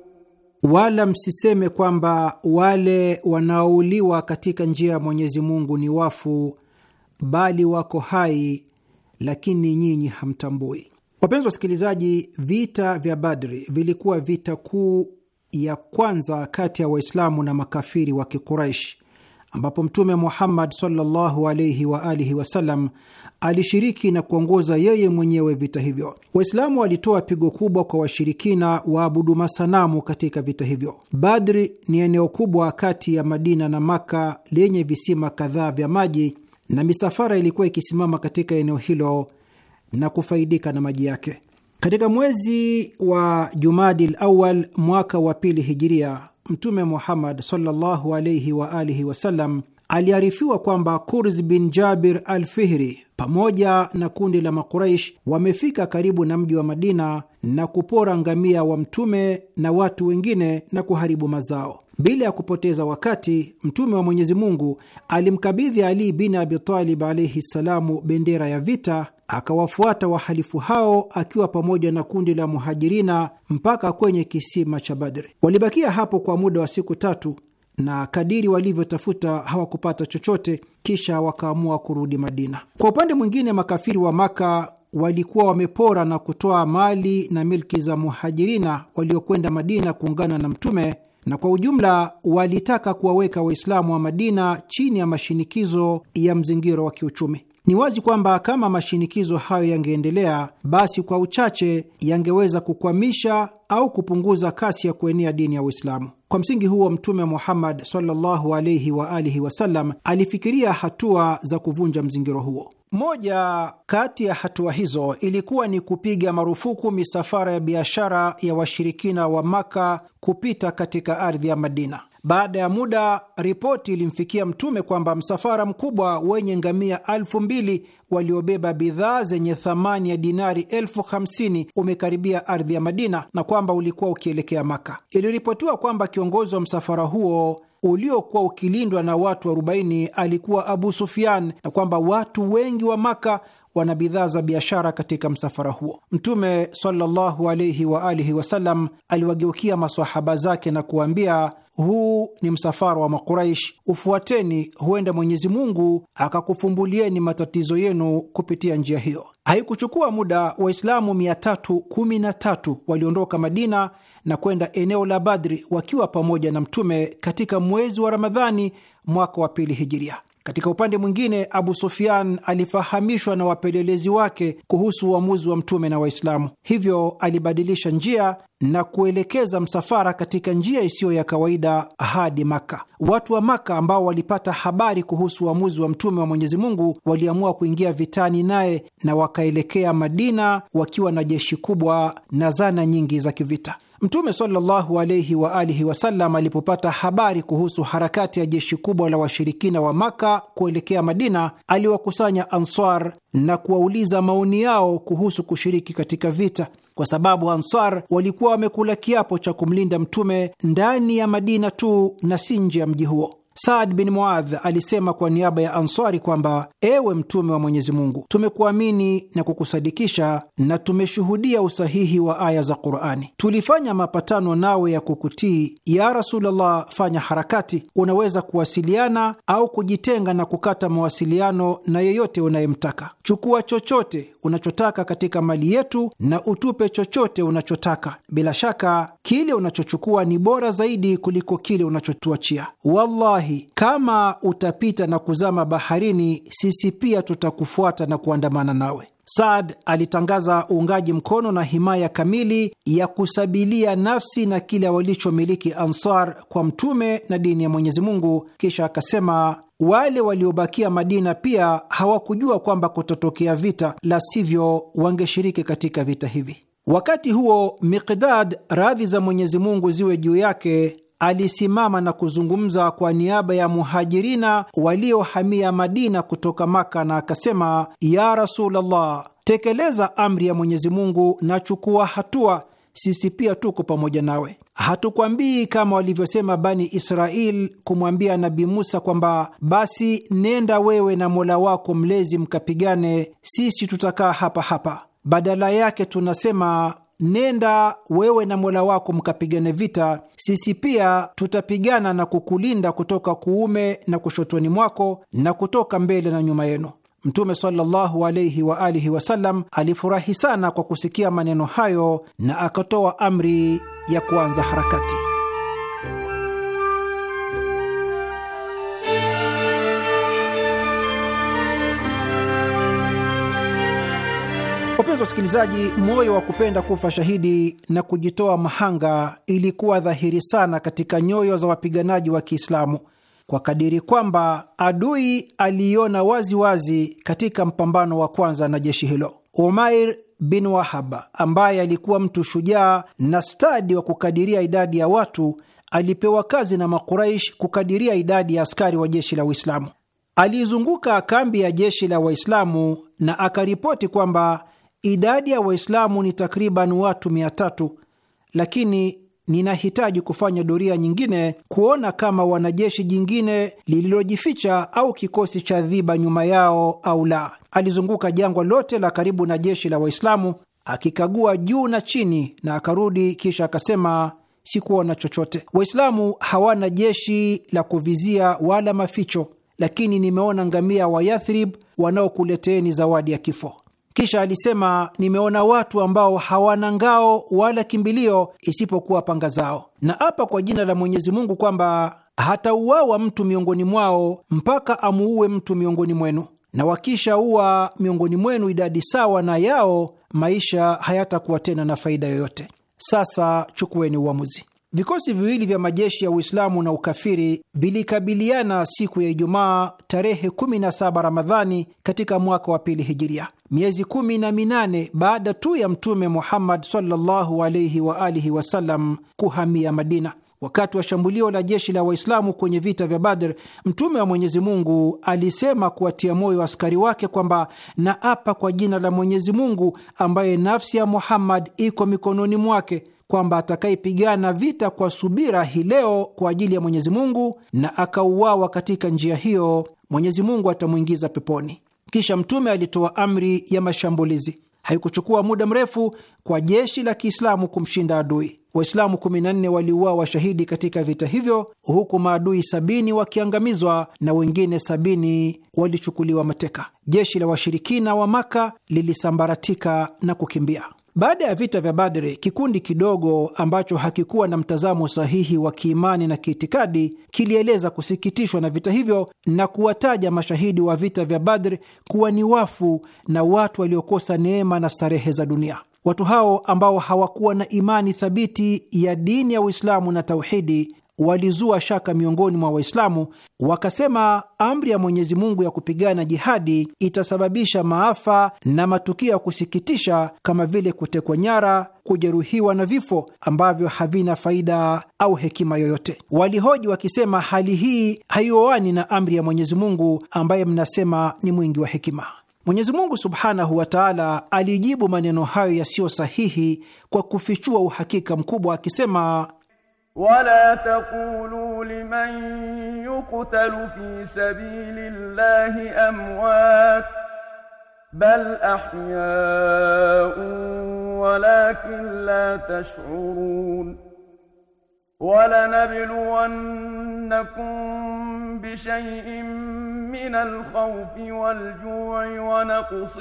wala msiseme kwamba wale wanaouliwa katika njia ya Mwenyezi Mungu ni wafu, bali wako hai, lakini nyinyi hamtambui. Wapenzi wasikilizaji, vita vya Badri vilikuwa vita kuu ya kwanza kati ya Waislamu na makafiri wa Kikuraishi, ambapo Mtume Muhammad sallallahu alaihi waalihi wasalam alishiriki na kuongoza yeye mwenyewe vita hivyo. Waislamu walitoa pigo kubwa kwa washirikina waabudu masanamu katika vita hivyo. Badri ni eneo kubwa kati ya Madina na Maka lenye visima kadhaa vya maji, na misafara ilikuwa ikisimama katika eneo hilo na kufaidika na maji yake. Katika mwezi wa Jumadil Awal mwaka wa pili hijiria, Mtume Muhammad sallallahu alaihi wa alihi wasallam aliarifiwa kwamba Kurz bin Jabir al Fihri pamoja na kundi la Makuraish wamefika karibu na mji wa Madina na kupora ngamia wa Mtume na watu wengine na kuharibu mazao. Bila ya kupoteza wakati, Mtume wa Mwenyezi Mungu alimkabidhi Ali bin abitalib alaihi ssalamu bendera ya vita, akawafuata wahalifu hao akiwa pamoja na kundi la Muhajirina mpaka kwenye kisima cha Badri. Walibakia hapo kwa muda wa siku tatu na kadiri walivyotafuta hawakupata chochote, kisha wakaamua kurudi Madina. Kwa upande mwingine, makafiri wa Maka walikuwa wamepora na kutoa mali na milki za muhajirina waliokwenda Madina kuungana na Mtume, na kwa ujumla walitaka kuwaweka Waislamu wa Madina chini ya mashinikizo ya mzingiro wa kiuchumi. Ni wazi kwamba kama mashinikizo hayo yangeendelea, basi kwa uchache yangeweza kukwamisha au kupunguza kasi ya kuenea dini ya Uislamu. Kwa msingi huo, Mtume Muhammad sallallahu alaihi wa alihi wasallam alifikiria hatua za kuvunja mzingiro huo. Moja kati ya hatua hizo ilikuwa ni kupiga marufuku misafara ya biashara ya washirikina wa Maka kupita katika ardhi ya Madina. Baada ya muda, ripoti ilimfikia Mtume kwamba msafara mkubwa wenye ngamia elfu mbili waliobeba bidhaa zenye thamani ya dinari elfu hamsini umekaribia ardhi ya Madina na kwamba ulikuwa ukielekea Maka. Iliripotiwa kwamba kiongozi wa msafara huo uliokuwa ukilindwa na watu 40 alikuwa Abu Sufyan na kwamba watu wengi wa Maka wana bidhaa za biashara katika msafara huo. Mtume sallallahu alayhi wa alihi wasallam aliwageukia masahaba zake na kuwaambia huu ni msafara wa Makuraish, ufuateni, huenda Mwenyezi Mungu akakufumbulieni matatizo yenu kupitia njia hiyo. Haikuchukua muda, Waislamu 313 waliondoka Madina na kwenda eneo la Badri wakiwa pamoja na Mtume katika mwezi wa Ramadhani mwaka wa pili Hijiria. Katika upande mwingine, Abu Sufyan alifahamishwa na wapelelezi wake kuhusu uamuzi wa, wa mtume na Waislamu, hivyo alibadilisha njia na kuelekeza msafara katika njia isiyo ya kawaida hadi Maka. Watu wa Maka ambao walipata habari kuhusu uamuzi wa mtume wa Mwenyezi Mungu waliamua kuingia vitani naye na wakaelekea Madina wakiwa na jeshi kubwa na zana nyingi za kivita. Mtume sallallahu wa alihi wasallam alipopata habari kuhusu harakati ya jeshi kubwa la washirikina wa Maka kuelekea Madina, aliwakusanya Ansar na kuwauliza maoni yao kuhusu kushiriki katika vita kwa sababu Ansar walikuwa wamekula kiapo cha kumlinda Mtume ndani ya Madina tu na si nje ya mji huo. Saad bin Muadh alisema kwa niaba ya Ansari kwamba ewe Mtume wa Mwenyezi Mungu, tumekuamini na kukusadikisha na tumeshuhudia usahihi wa aya za Qurani. Tulifanya mapatano nawe ya kukutii ya Rasulullah. Fanya harakati, unaweza kuwasiliana au kujitenga na kukata mawasiliano na yeyote unayemtaka. Chukua chochote unachotaka katika mali yetu na utupe chochote unachotaka. Bila shaka kile unachochukua ni bora zaidi kuliko kile unachotuachia. Wallahi, Wallahi, kama utapita na kuzama baharini, sisi pia tutakufuata na kuandamana nawe. Saad alitangaza uungaji mkono na himaya kamili ya kusabilia nafsi na kile walichomiliki Ansar kwa Mtume na dini ya Mwenyezi Mungu. Kisha akasema wale waliobakia Madina pia hawakujua kwamba kutatokea vita, la sivyo wangeshiriki katika vita hivi. Wakati huo Miqdad, radhi za Mwenyezi Mungu ziwe juu yake, alisimama na kuzungumza kwa niaba ya Muhajirina waliohamia Madina kutoka Maka na akasema, ya Rasulullah, tekeleza amri ya Mwenyezi Mungu na chukua hatua sisi pia tuko pamoja nawe. Hatukwambii kama walivyosema Bani Israel kumwambia Nabi Musa kwamba basi nenda wewe na Mola wako mlezi mkapigane, sisi tutakaa hapa hapa. Badala yake tunasema nenda wewe na Mola wako mkapigane vita, sisi pia tutapigana na kukulinda kutoka kuume na kushotoni mwako na kutoka mbele na nyuma yenu. Mtume sallallahu alayhi wa alihi wasallam alifurahi sana kwa kusikia maneno hayo na akatoa amri ya kuanza harakati. Wapenzi wasikilizaji, moyo wa kupenda kufa shahidi na kujitoa mahanga ilikuwa dhahiri sana katika nyoyo za wapiganaji wa Kiislamu kwa kadiri kwamba adui aliiona waziwazi katika mpambano wa kwanza na jeshi hilo. Umair bin Wahab ambaye alikuwa mtu shujaa na stadi wa kukadiria idadi ya watu, alipewa kazi na Makuraish kukadiria idadi ya askari wa jeshi la Uislamu. Aliizunguka kambi ya jeshi la Waislamu na akaripoti kwamba Idadi ya Waislamu ni takriban watu mia tatu, lakini ninahitaji kufanya doria nyingine kuona kama wanajeshi jingine lililojificha au kikosi cha dhiba nyuma yao au la. Alizunguka jangwa lote la karibu na jeshi la Waislamu akikagua juu na chini na akarudi, kisha akasema sikuona chochote. Waislamu hawana jeshi la kuvizia wala maficho, lakini nimeona ngamia wa Yathrib wanaokuleteeni zawadi ya kifo. Kisha alisema, nimeona watu ambao hawana ngao wala kimbilio isipokuwa panga zao, na hapa kwa jina la Mwenyezi Mungu kwamba hatauawa mtu miongoni mwao mpaka amuue mtu miongoni mwenu, na wakisha uwa miongoni mwenu idadi sawa na yao, maisha hayatakuwa tena na faida yoyote. Sasa chukueni uamuzi. Vikosi viwili vya majeshi ya Uislamu na ukafiri vilikabiliana siku ya Ijumaa tarehe 17 Ramadhani katika mwaka wa pili hijiria, miezi kumi na minane baada tu ya Mtume Muhammad sallallahu alaihi wa alihi wasallam kuhamia Madina. Wakati wa shambulio la jeshi la Waislamu kwenye vita vya Badr, Mtume wa Mwenyezi Mungu alisema kuwatia moyo askari wake kwamba, na apa kwa jina la Mwenyezi Mungu ambaye nafsi ya Muhammad iko mikononi mwake kwamba atakayepigana vita kwa subira hii leo kwa ajili ya Mwenyezi Mungu na akauawa katika njia hiyo, Mwenyezi Mungu atamwingiza peponi. Kisha Mtume alitoa amri ya mashambulizi. Haikuchukua muda mrefu kwa jeshi la Kiislamu kumshinda adui. Waislamu 14 waliuawa washahidi katika vita hivyo, huku maadui sabini wakiangamizwa na wengine sabini walichukuliwa mateka. Jeshi la washirikina wa Maka lilisambaratika na kukimbia. Baada ya vita vya Badri, kikundi kidogo ambacho hakikuwa na mtazamo sahihi wa kiimani na kiitikadi kilieleza kusikitishwa na vita hivyo na kuwataja mashahidi wa vita vya Badri kuwa ni wafu na watu waliokosa neema na starehe za dunia. Watu hao ambao hawakuwa na imani thabiti ya dini ya Uislamu na tauhidi walizua shaka miongoni mwa Waislamu, wakasema amri ya Mwenyezi Mungu ya kupigana jihadi itasababisha maafa na matukio ya kusikitisha kama vile kutekwa nyara, kujeruhiwa na vifo ambavyo havina faida au hekima yoyote. Walihoji wakisema, hali hii haioani na amri ya Mwenyezi Mungu ambaye mnasema ni mwingi wa hekima. Mwenyezi Mungu subhanahu wa taala alijibu maneno hayo yasiyo sahihi kwa kufichua uhakika mkubwa akisema ولا تقولوا لمن يقتل في سبيل الله أموات بل أحياء ولكن لا تشعرون ولنبلونكم بشيء من الخوف والجوع ونقص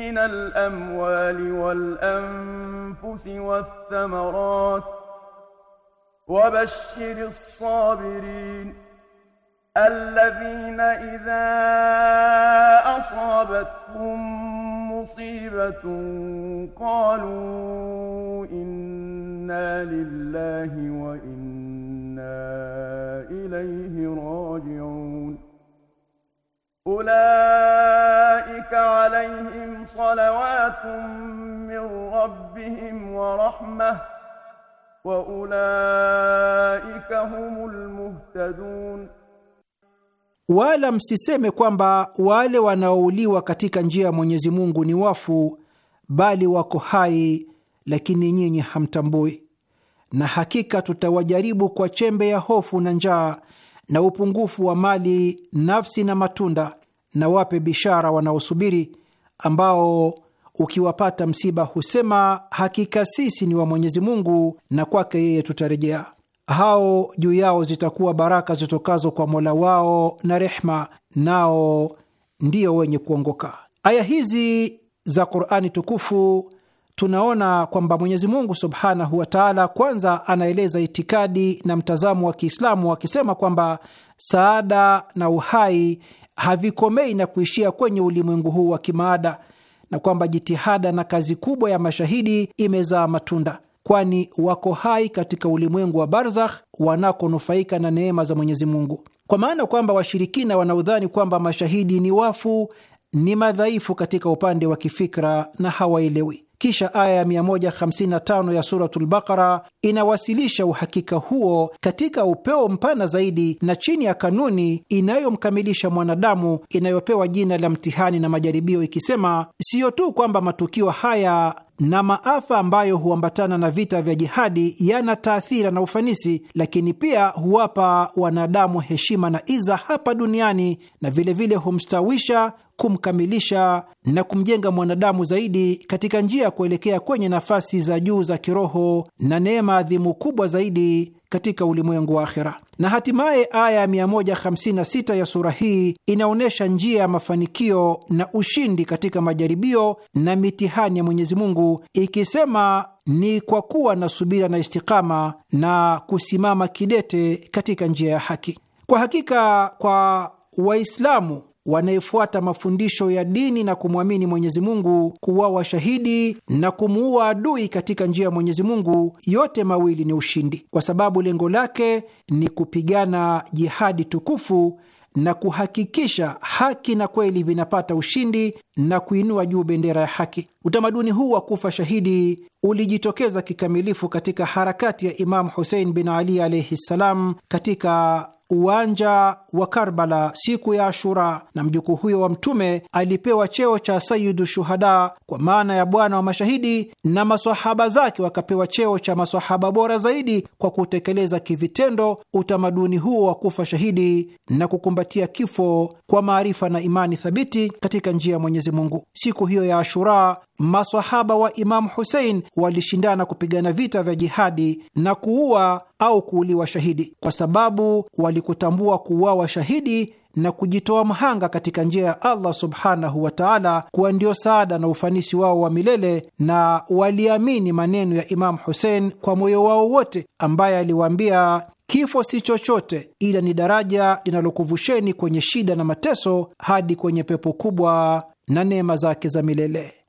من الأموال والأنفس والثمرات ۖ وبشر الصابرين الذين إذا أصابتهم مصيبة قالوا إنا لله وإنا إليه راجعون أولئك عليهم صلوات من ربهم ورحمه waulaika humul muhtadun, wala msiseme kwamba wale wanaouliwa katika njia ya Mwenyezi Mungu ni wafu, bali wako hai, lakini nyinyi hamtambui. Na hakika tutawajaribu kwa chembe ya hofu na njaa na upungufu wa mali, nafsi na matunda, na wape bishara wanaosubiri ambao ukiwapata msiba husema, hakika sisi ni wa Mwenyezi Mungu na kwake yeye tutarejea. Hao juu yao zitakuwa baraka zitokazo kwa Mola wao na rehma, nao ndio wenye kuongoka. Aya hizi za Qur'ani tukufu tunaona kwamba Mwenyezi Mungu Subhanahu wa Ta'ala kwanza anaeleza itikadi na mtazamo wa Kiislamu akisema kwamba saada na uhai havikomei na kuishia kwenye ulimwengu huu wa kimaada na kwamba jitihada na kazi kubwa ya mashahidi imezaa matunda, kwani wako hai katika ulimwengu wa barzakh wanakonufaika na neema za Mwenyezi Mungu, kwa maana kwamba washirikina wanaodhani kwamba mashahidi ni wafu ni madhaifu katika upande wa kifikra na hawaelewi. Kisha aya ya 155 ya Suratul Bakara inawasilisha uhakika huo katika upeo mpana zaidi na chini ya kanuni inayomkamilisha mwanadamu inayopewa jina la mtihani na majaribio, ikisema siyo tu kwamba matukio haya na maafa ambayo huambatana na vita vya jihadi yana taathira na ufanisi, lakini pia huwapa wanadamu heshima na iza hapa duniani na vilevile humstawisha kumkamilisha na kumjenga mwanadamu zaidi katika njia ya kuelekea kwenye nafasi za juu za kiroho na neema adhimu kubwa zaidi katika ulimwengu wa akhira. Na hatimaye aya ya 156 ya sura hii inaonyesha njia ya mafanikio na ushindi katika majaribio na mitihani ya Mwenyezi Mungu ikisema, ni kwa kuwa na subira na istikama na kusimama kidete katika njia ya haki. Kwa hakika kwa Waislamu wanayefuata mafundisho ya dini na kumwamini Mwenyezi Mungu kuwawa shahidi na kumuua adui katika njia ya Mwenyezi Mungu, yote mawili ni ushindi, kwa sababu lengo lake ni kupigana jihadi tukufu na kuhakikisha haki na kweli vinapata ushindi na kuinua juu bendera ya haki. Utamaduni huu wa kufa shahidi ulijitokeza kikamilifu katika harakati ya Imamu Husein bin Ali alaihi ssalam katika uwanja wa Karbala siku ya Ashura, na mjukuu huyo wa Mtume alipewa cheo cha Sayidu Shuhada kwa maana ya bwana wa mashahidi, na masahaba zake wakapewa cheo cha masahaba bora zaidi kwa kutekeleza kivitendo utamaduni huo wa kufa shahidi na kukumbatia kifo kwa maarifa na imani thabiti katika njia ya Mwenyezi Mungu. Siku hiyo ya Ashura masahaba wa Imamu Husein walishindana kupigana vita vya jihadi na kuua au kuuliwa shahidi, kwa sababu walikutambua kuuawa shahidi na kujitoa mhanga katika njia ya Allah subhanahu wa taala kuwa ndio saada na ufanisi wao wa milele, na waliamini maneno ya Imamu Husein kwa moyo wao wote, ambaye aliwaambia Kifo si chochote ila ni daraja linalokuvusheni kwenye shida na mateso hadi kwenye pepo kubwa na neema zake za milele.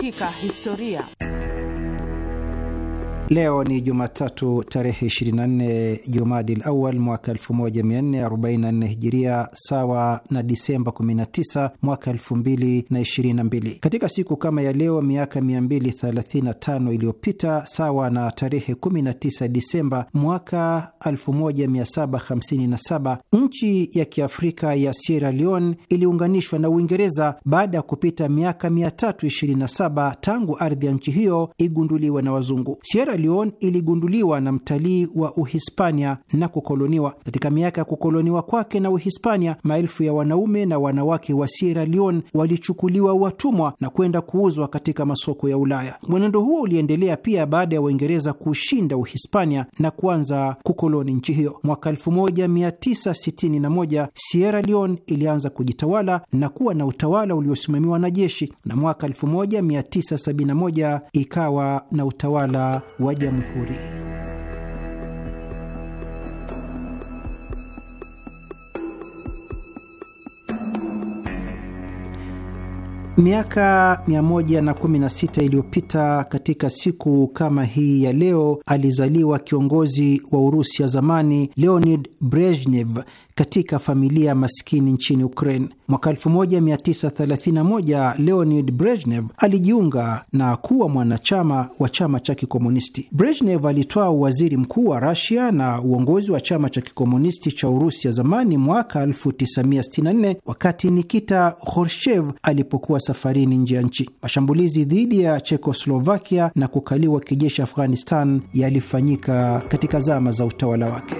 katika historia. Leo ni Jumatatu tarehe 24 Jumadil Awal mwaka 1444 Hijiria, sawa na Disemba 19 mwaka 2022. Katika siku kama ya leo miaka 235 iliyopita, sawa na tarehe 19 Disemba mwaka 1757, nchi ya kiafrika ya Sierra Leone iliunganishwa na Uingereza baada ya kupita miaka 327 tangu ardhi ya nchi hiyo igunduliwe na wazungu. Sierra Leon iligunduliwa na mtalii wa Uhispania na kukoloniwa. Katika miaka ya kukoloniwa kwake na Uhispania, maelfu ya wanaume na wanawake wa Sierra Leon walichukuliwa watumwa na kwenda kuuzwa katika masoko ya Ulaya. Mwenendo huo uliendelea pia baada ya Waingereza kushinda Uhispania na kuanza kukoloni nchi hiyo. Mwaka 1961 Sierra Leon ilianza kujitawala na kuwa na utawala uliosimamiwa na jeshi, na mwaka 1971 ikawa na utawala wa wa jamhuri. Miaka 116 iliyopita katika siku kama hii ya leo alizaliwa kiongozi wa Urusi ya zamani Leonid Brezhnev katika familia maskini nchini Ukraine. Mwaka 1931 Leonid Brezhnev alijiunga na kuwa mwanachama wa chama cha kikomunisti. Brezhnev alitoa uwaziri mkuu wa Rasia na uongozi wa chama cha kikomunisti cha Urusi ya zamani mwaka 1964 wakati Nikita Khrushchev alipokuwa safarini nje ya nchi. Mashambulizi dhidi ya Chekoslovakia na kukaliwa kijeshi Afghanistan yalifanyika katika zama za utawala wake.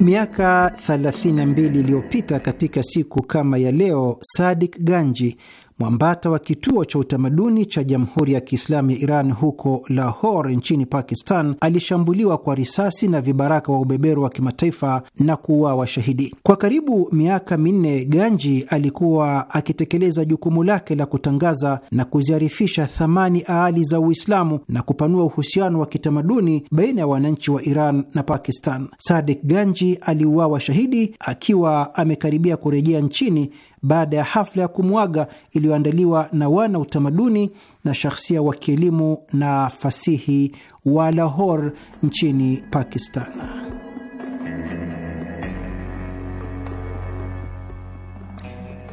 Miaka 32 iliyopita katika siku kama ya leo, Sadik Ganji mwambata wa kituo cha utamaduni cha Jamhuri ya Kiislamu ya Iran huko Lahore nchini Pakistan, alishambuliwa kwa risasi na vibaraka wa ubeberu wa kimataifa na kuuawa shahidi. Kwa karibu miaka minne, Ganji alikuwa akitekeleza jukumu lake la kutangaza na kuziarifisha thamani aali za Uislamu na kupanua uhusiano wa kitamaduni baina ya wananchi wa Iran na Pakistan. Sadik Ganji aliuawa shahidi akiwa amekaribia kurejea nchini baada ya hafla ya kumwaga iliyoandaliwa na wana utamaduni na shahsia wa kielimu na fasihi wa Lahore nchini Pakistan.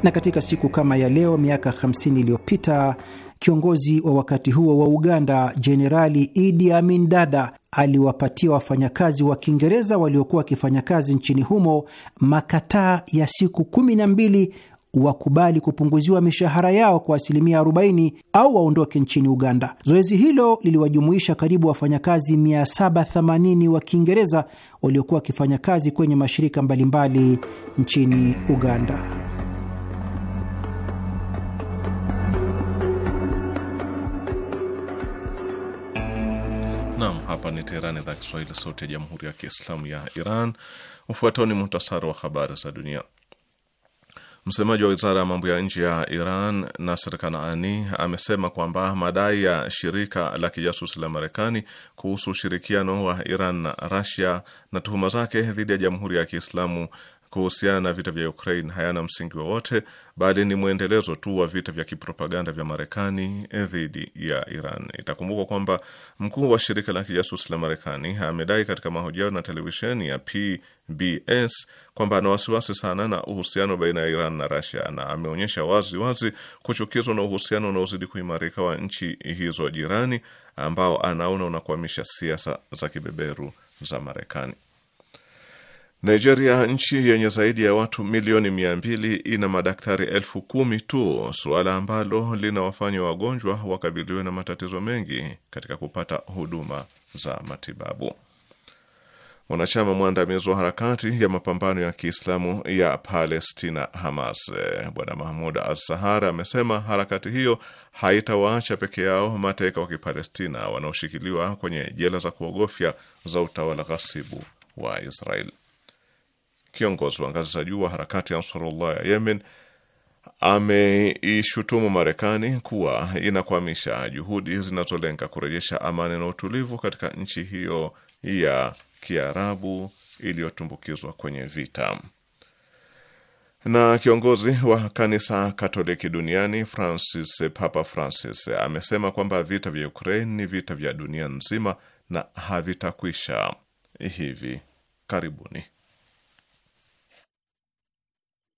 Na katika siku kama ya leo miaka 50 iliyopita kiongozi wa wakati huo wa Uganda Jenerali Idi Amin Dada aliwapatia wafanyakazi wa Kiingereza waliokuwa wakifanya kazi nchini humo makataa ya siku kumi na mbili wakubali kupunguziwa mishahara yao kwa asilimia 40 au waondoke nchini Uganda. Zoezi hilo liliwajumuisha karibu wafanyakazi 780 wa Kiingereza waliokuwa wakifanya kazi kwenye mashirika mbalimbali nchini Uganda. Nam, hapa ni Teherani, idhaa Kiswahili, sauti ya jamhuri ya kiislamu ya Iran. Ufuatao ni muhtasari wa habari za dunia. Msemaji wa wizara ya mambo ya nje ya Iran Nasser Kanaani amesema kwamba madai ya shirika la kijasusi la Marekani kuhusu ushirikiano wa Iran na Rasia na tuhuma zake dhidi ya Jamhuri ya Kiislamu kuhusiana na vita vya Ukraine hayana msingi wowote, bali ni mwendelezo tu wa vita vya kipropaganda vya Marekani eh, dhidi ya Iran. Itakumbukwa kwamba mkuu wa shirika la kijasusi la Marekani amedai katika mahojiano na televisheni ya PBS kwamba ana wasiwasi sana na uhusiano baina ya Iran na rasia na ameonyesha wazi wazi kuchukizwa na uhusiano unaozidi kuimarika wa nchi hizo jirani, ambao anaona unakwamisha siasa za kibeberu za Marekani. Nigeria, nchi yenye zaidi ya watu milioni mia mbili, ina madaktari elfu kumi tu, suala ambalo linawafanya wagonjwa wakabiliwe na matatizo mengi katika kupata huduma za matibabu. Mwanachama mwandamizi wa harakati ya mapambano ya Kiislamu ya Palestina, Hamas, eh, Bwana Mahmud sahar amesema harakati hiyo haitawaacha peke yao mateka wa Kipalestina wanaoshikiliwa kwenye jela za kuogofya za utawala ghasibu wa Israeli kiongozi wa ngazi za juu wa harakati ya Ansarullah ya Yemen ameishutumu Marekani kuwa inakwamisha juhudi zinazolenga kurejesha amani na utulivu katika nchi hiyo ya Kiarabu iliyotumbukizwa kwenye vita. Na kiongozi wa kanisa Katoliki duniani Francis, Papa Francis amesema kwamba vita vya Ukraine ni vita vya dunia nzima na havitakwisha hivi karibuni.